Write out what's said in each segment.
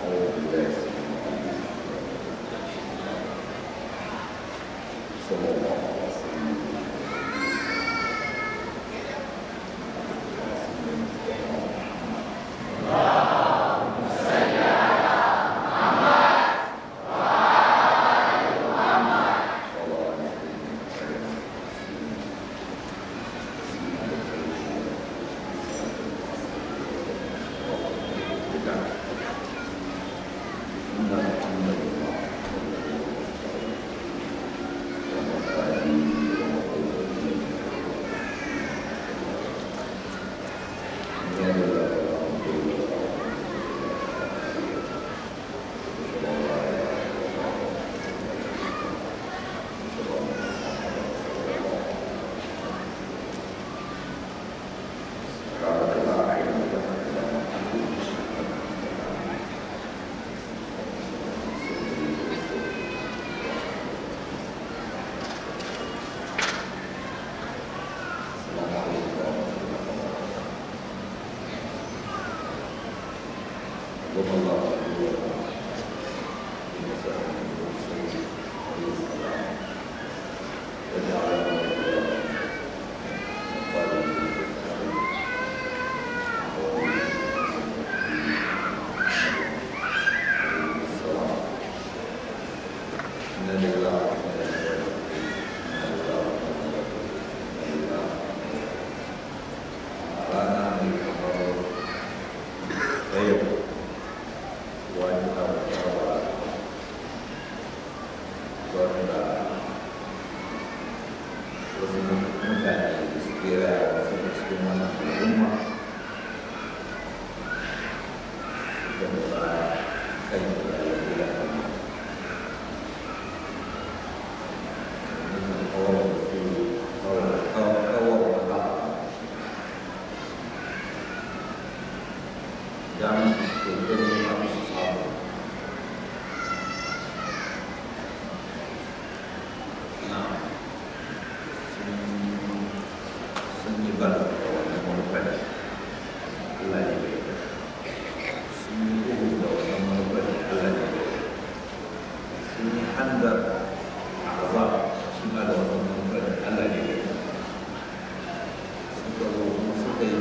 哦，对，所以，所以。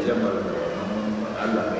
dia malam Allah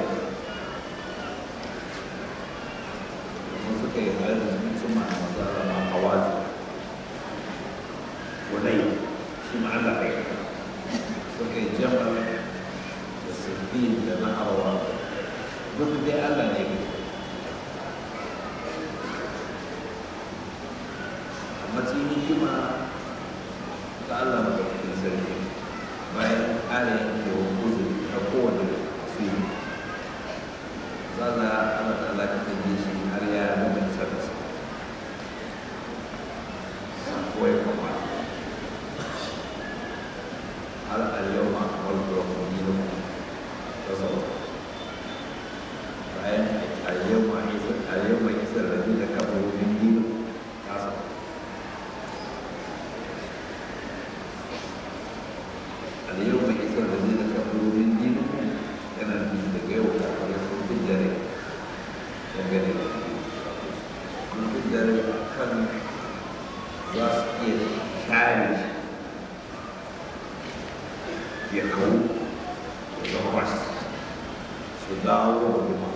sedau rumah.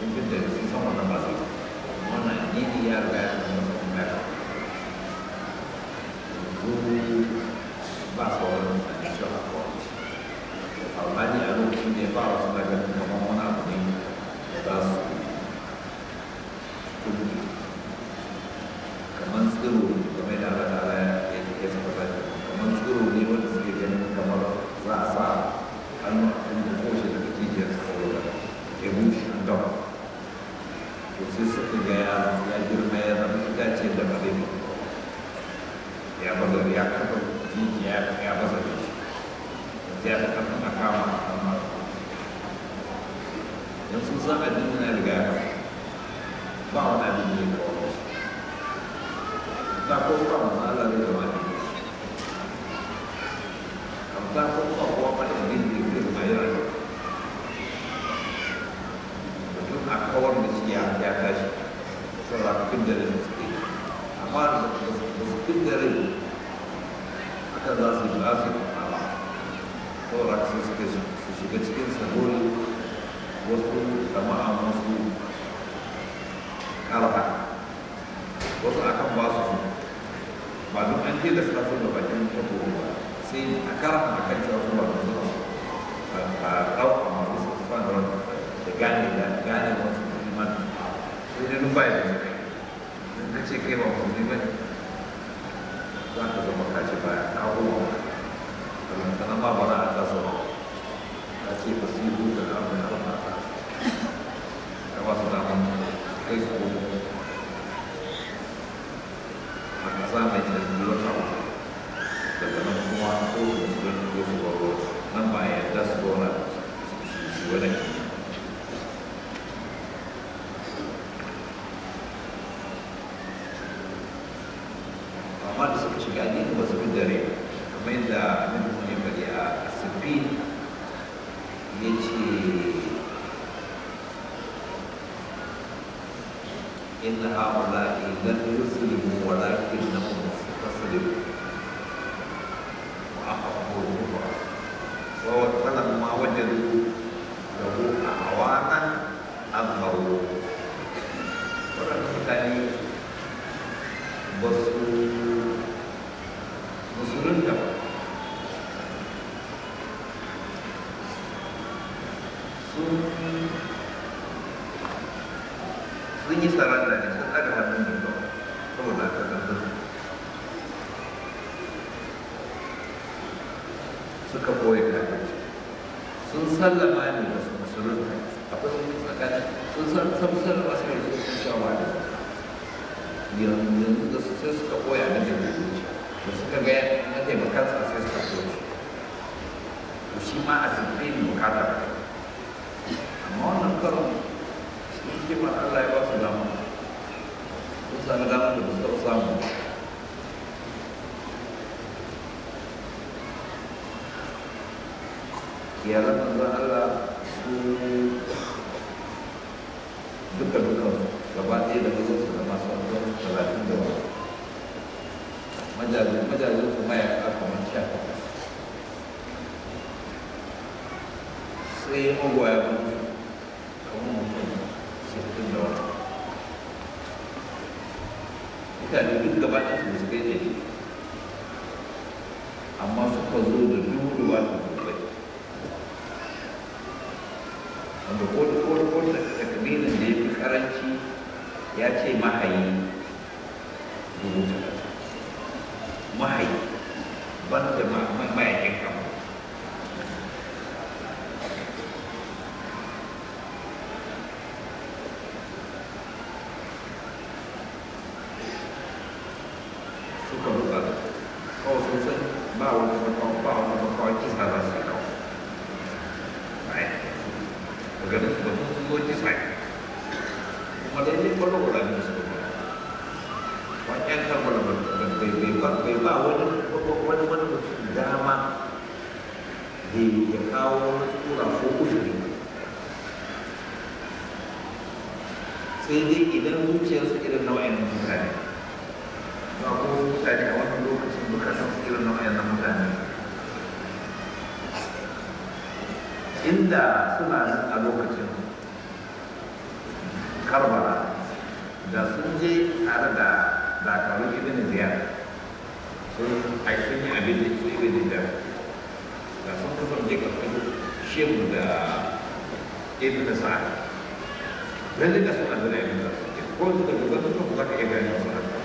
Mungkin dari sini sama nama sih. Mana ini dia kayak nama merah. Zuri Basol, Jawa. Almani Anu Sudirman. karata wasu akan ba su su ba don an ke da sarafin da bakin tabo ba sai a karata da kan cewa kuma da su ba a ɗauka masu su fan da wani da gane da gane wasu neman sai da nufa ya zai zai ka ce kai ba wasu neman za ka zama ka ce ba ya kawo wa kalantanan ba ba na a kasa ba ka ce ba su yi hutu da Facebook musulunta sun yi saranda da sun ɗaga ba sima ati tini mo kata mo na karo iki ma ala iwa sila mo usa na kiala na ala suu da ko da da ko da kabilan da ya fi karanci ya ce mahayi ibn sa'ad lalle ka san abin ibn sa'ad ko da daga wata ko za ka iya gane wasu haka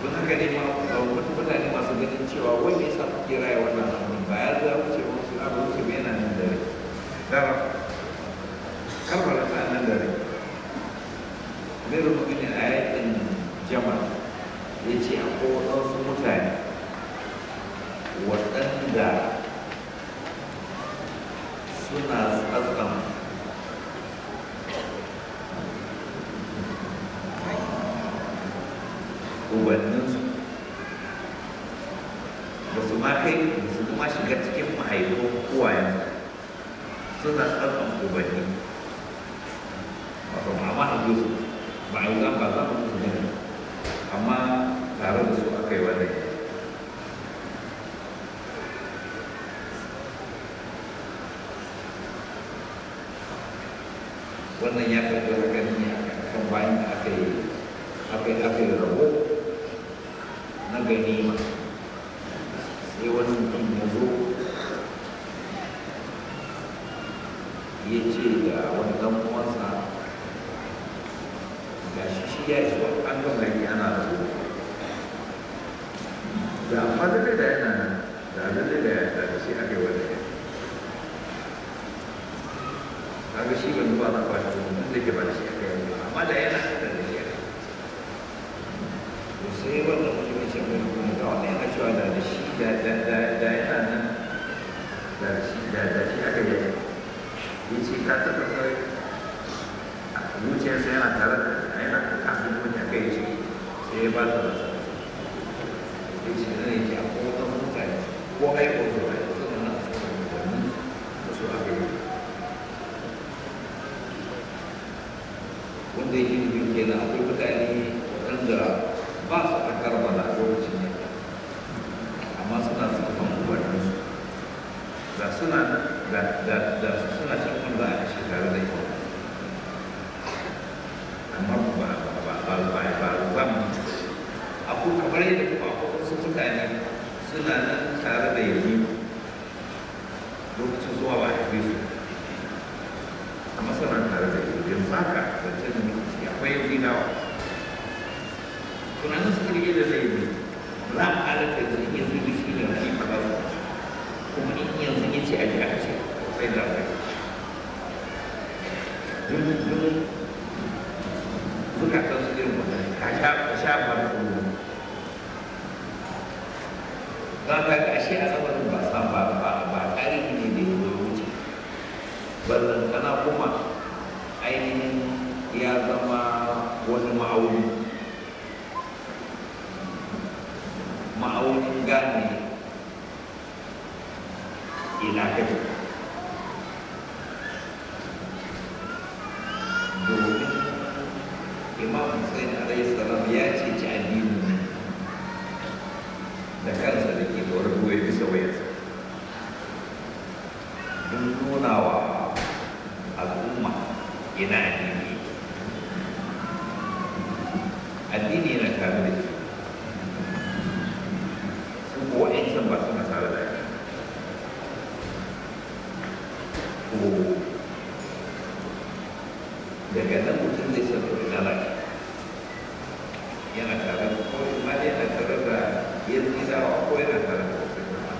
don haka ne ma mutane masu ganin cewa wani ya sa kuke raya wannan abin ba ya za wuce wasu abin yana nan da kerana yang kegerakan ini kembali akhir akhir akhir rabu naga ini iwan untuk nyuruh ia cerita awan dalam puasa dan sisiya esok anggung lagi anak itu dan pada dia dah enak dan ada dia dah enak dan sihat dia wadah dan kesihatan tu 这些吧，这些，慢慢来啦。这些，我生活当中一些朋友，他们还说那是西单，那那那那那，那是那那是哪个？以前看到朋友，五年前那当然，那那他们住在北京，谁不知道？以前那一家好多都在，我爱。tunanin su kirge da zai yi za a halatta da iya zai shi ne wani su kuma in yanzu ya ce a ji a ce sai da zai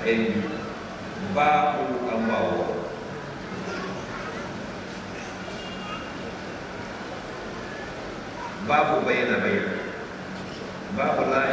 em ba o ambao ba o bayana bayana ba o lai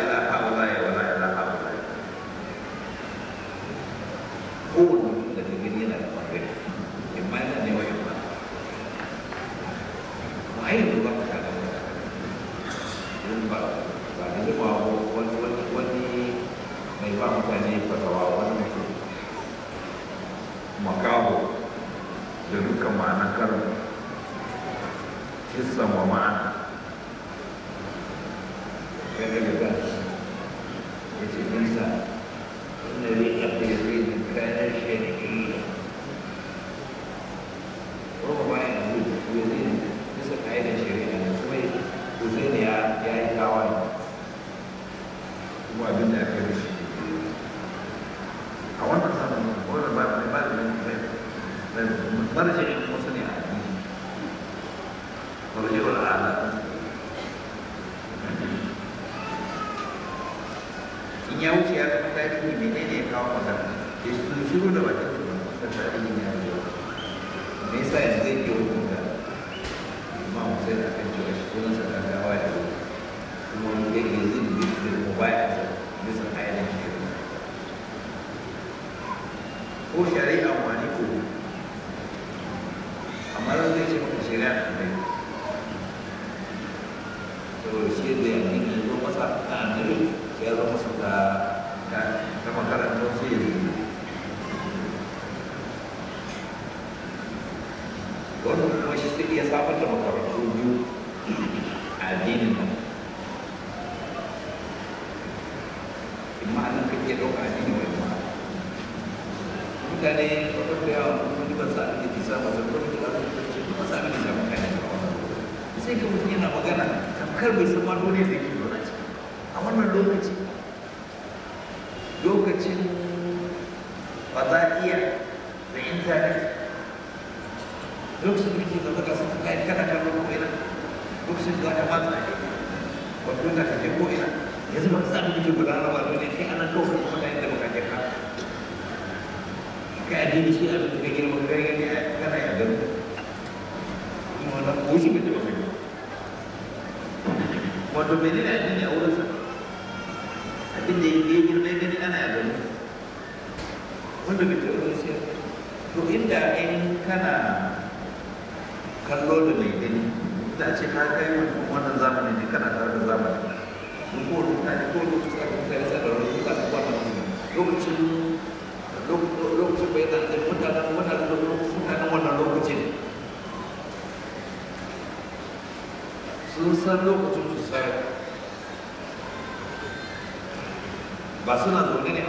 Nem sai, nem wato menene addini a wurinsa abin da yi girma gani ana gani wanda bai taɓa wurin siya to inda in kana kallo da mai gani da ce ka kai wannan zamanin da kana tare da zamanin mun ko mutane ko lokacin da da wani mutane ko wannan lokacin lokacin bai da mutanen mutanen mutanen wannan lokacin sun san lokacin バスなどをね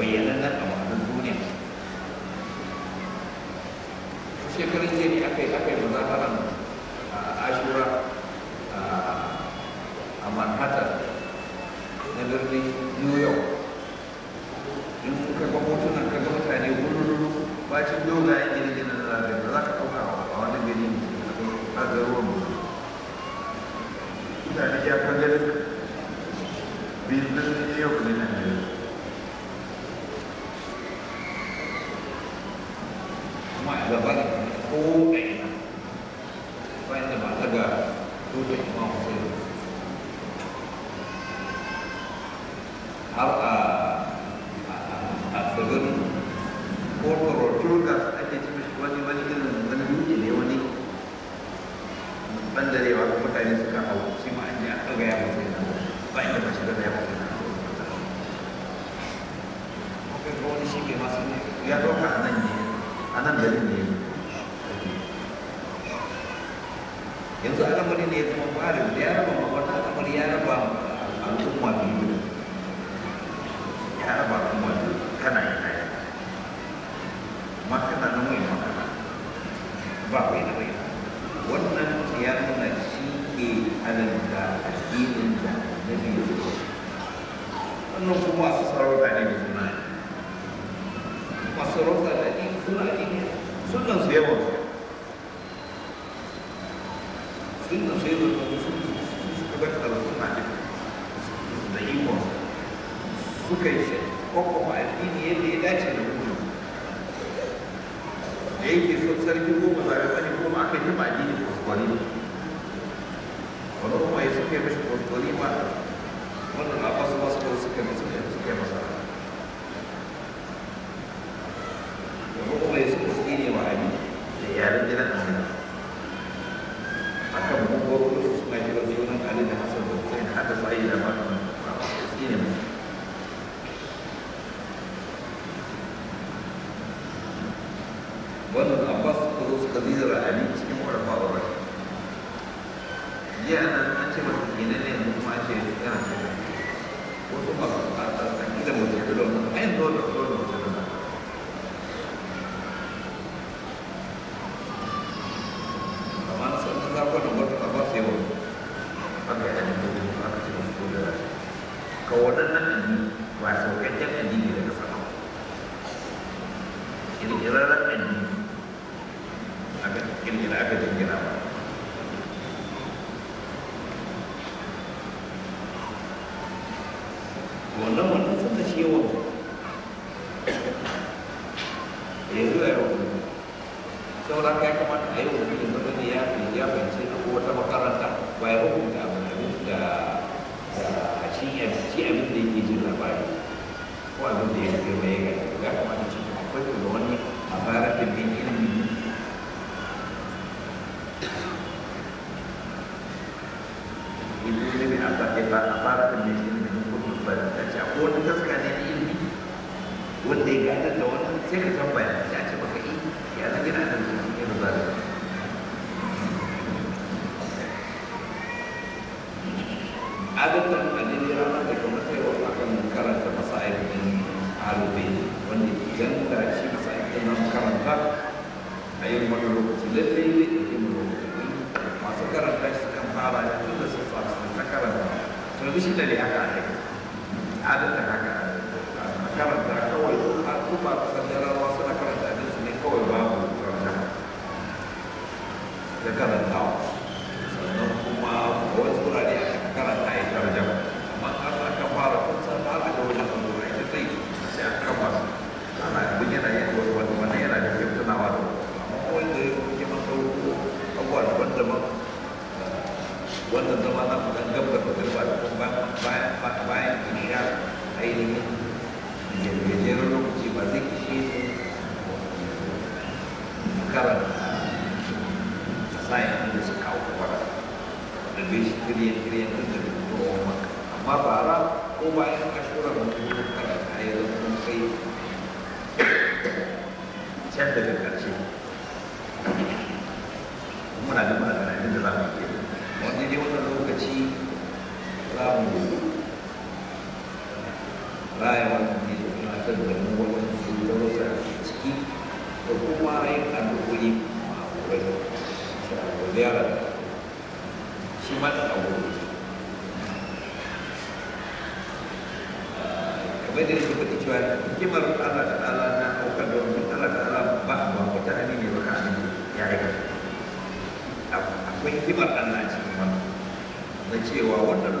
bayyanannen abu a nan jiya ne Kuasa kecil yang tinggi dari Kira-kira lah ini. Kira-kira apa kira-kira apa. ada tenaga. Macam mana kau itu aku baru saja lawas nak kerja di sini kau baru Jaga o bairro are wonderful.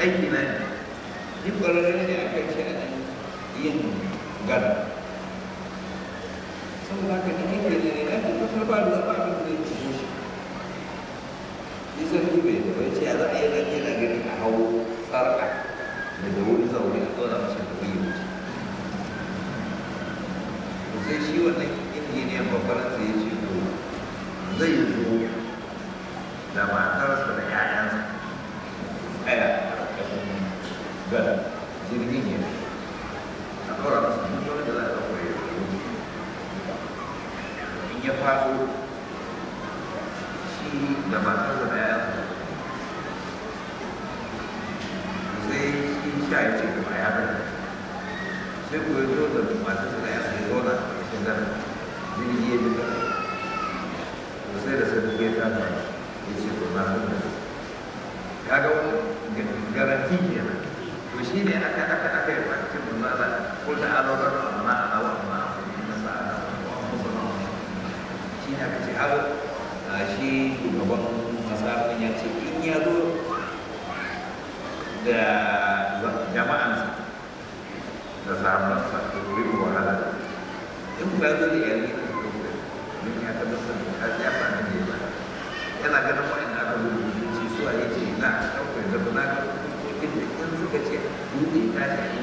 aiki na ne ni ƙwararren ne aka ce a yin gada saboda zaka wahala sa ka gobe mu gobe min ta musu da ya ba yana ganin wa'in aka rubuta da ba suka ce dutse ta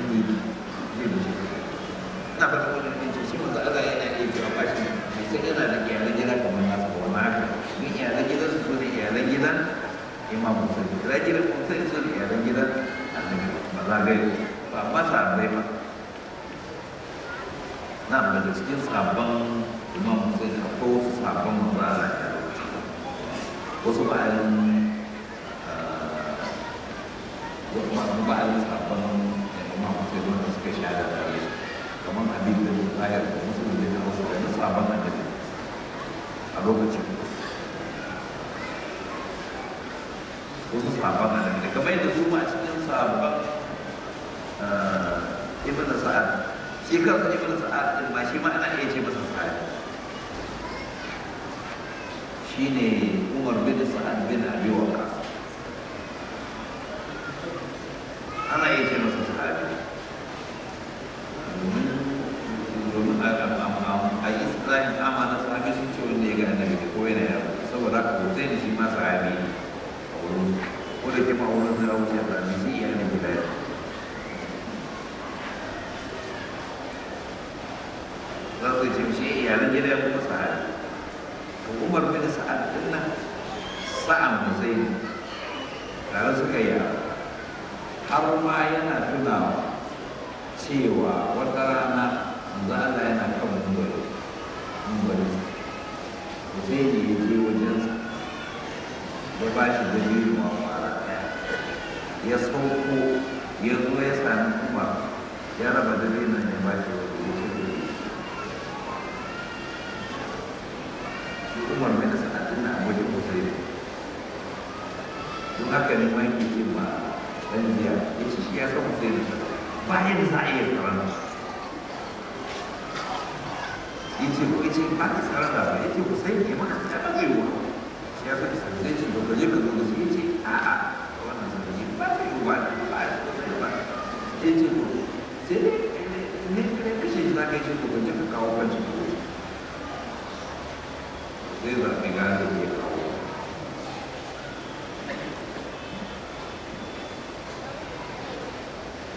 прекрасно ya taimake eh, iyalan gida ya kuma sa'ad to umar bin sa'ad din nan sa'an musaini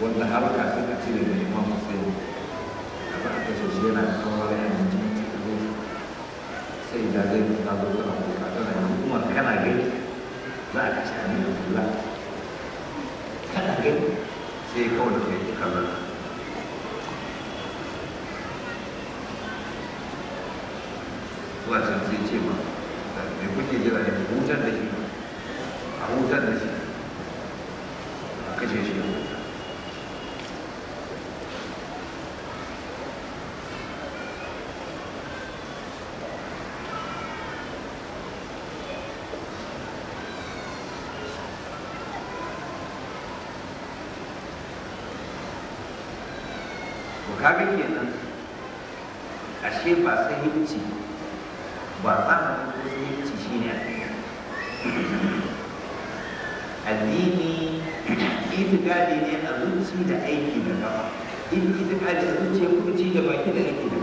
buat berharga kecil-kecil ini apa ada sesuatu yang soalnya yang mungkin itu sehingga dia tahu kalau kita yang mungkin lagi tidak kasihan itu kaga kenan ashe ba sahihanci ba tsarin sahihanci shine addini itikadi ne a zuci da aiki da gaba in itikadi a zuci ya kuma ci da baki da aiki da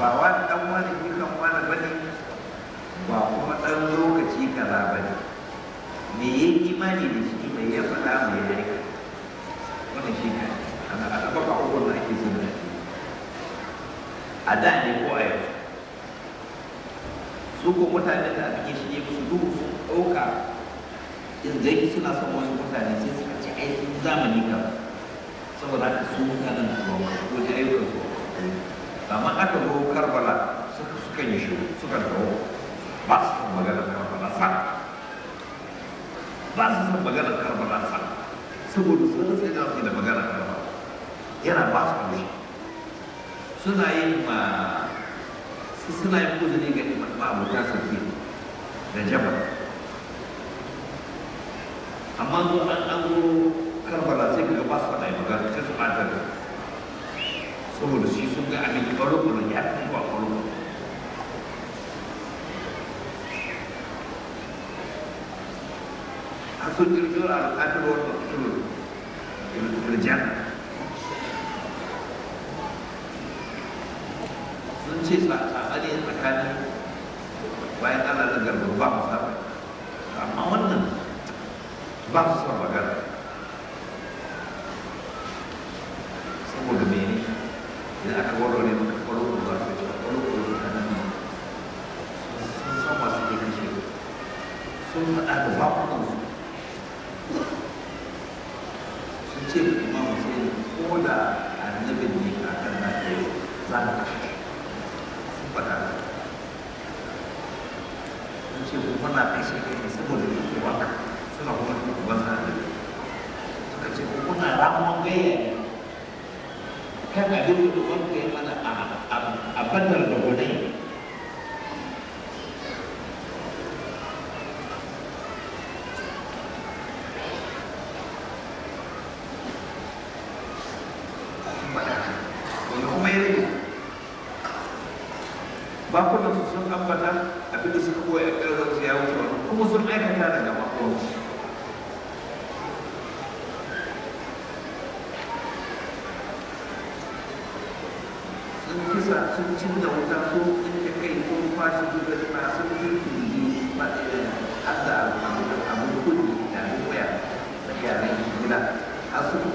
ba wani dan wani dukan wani bane ba kuma dan lokaci kaza bane me ya imani da shi me ya faɗa me ya rika wannan shi ne ana ana ba ka kokon ake zuwa a da ne ko a yau su ko mutanen da ake shi ne musu duhu su ɗauka in zai suna son wasu mutane sai suka ci ai sun zamani ka saboda haka su mutanen da ba ko da ayyukan su Lama ada huruf Karbala Suka suka nyusu Suka doh Bas sebagai Karbala Sang Bas sebagai Karbala Sang Sebut selesai dalam tidak bagai Karbala Ia ya, lah bas kami Selain ma Selain pun jadi ingat Ibn Mahmud Dan sedih Dan jabat Amal tu akan tahu Karbala Sang Kebasan yang bagai Kesempatan Kesempatan Tunggu dulu, si suka ambil di kalau jatuh, buat kolom. Aku jujur, aku rotok, jujur. Dia untuk kerja. Sunci sahaja, tadi yang Tak mahu mana. Bangsa sahaja.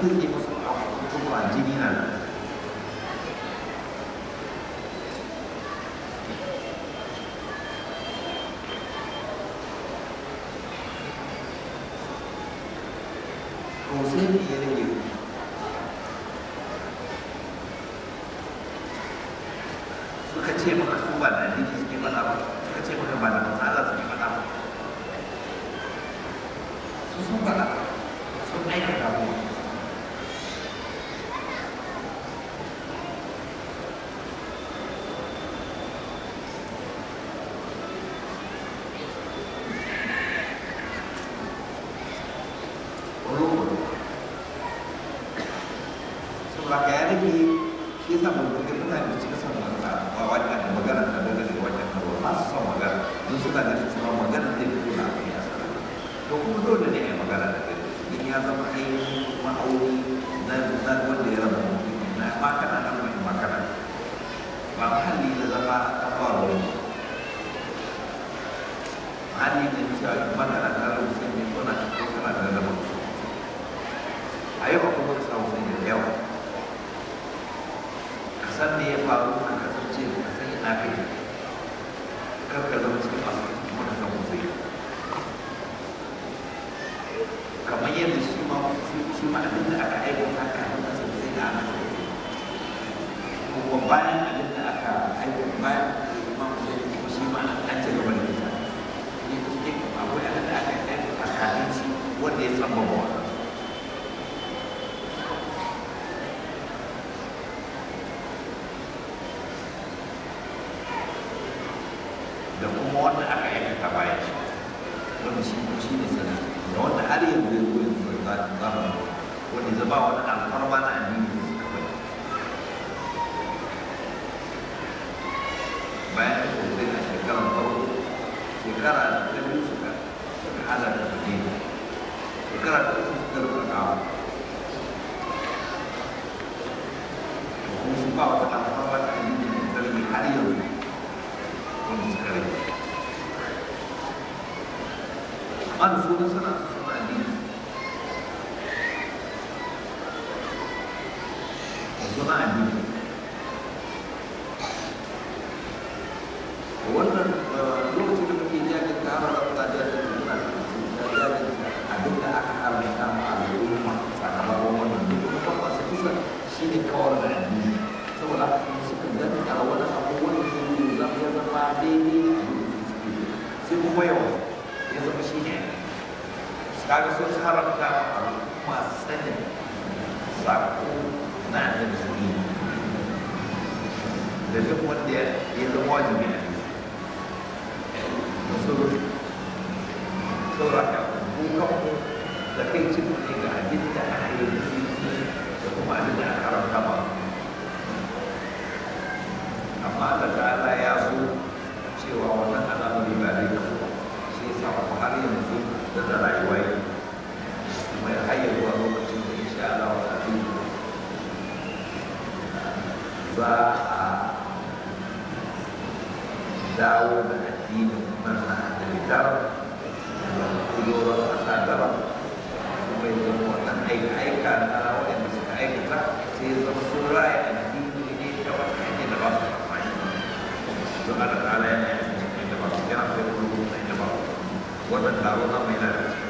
空気もその味になる。5 0 0 san me ya faru a kasance ba san ina kai That will help me there.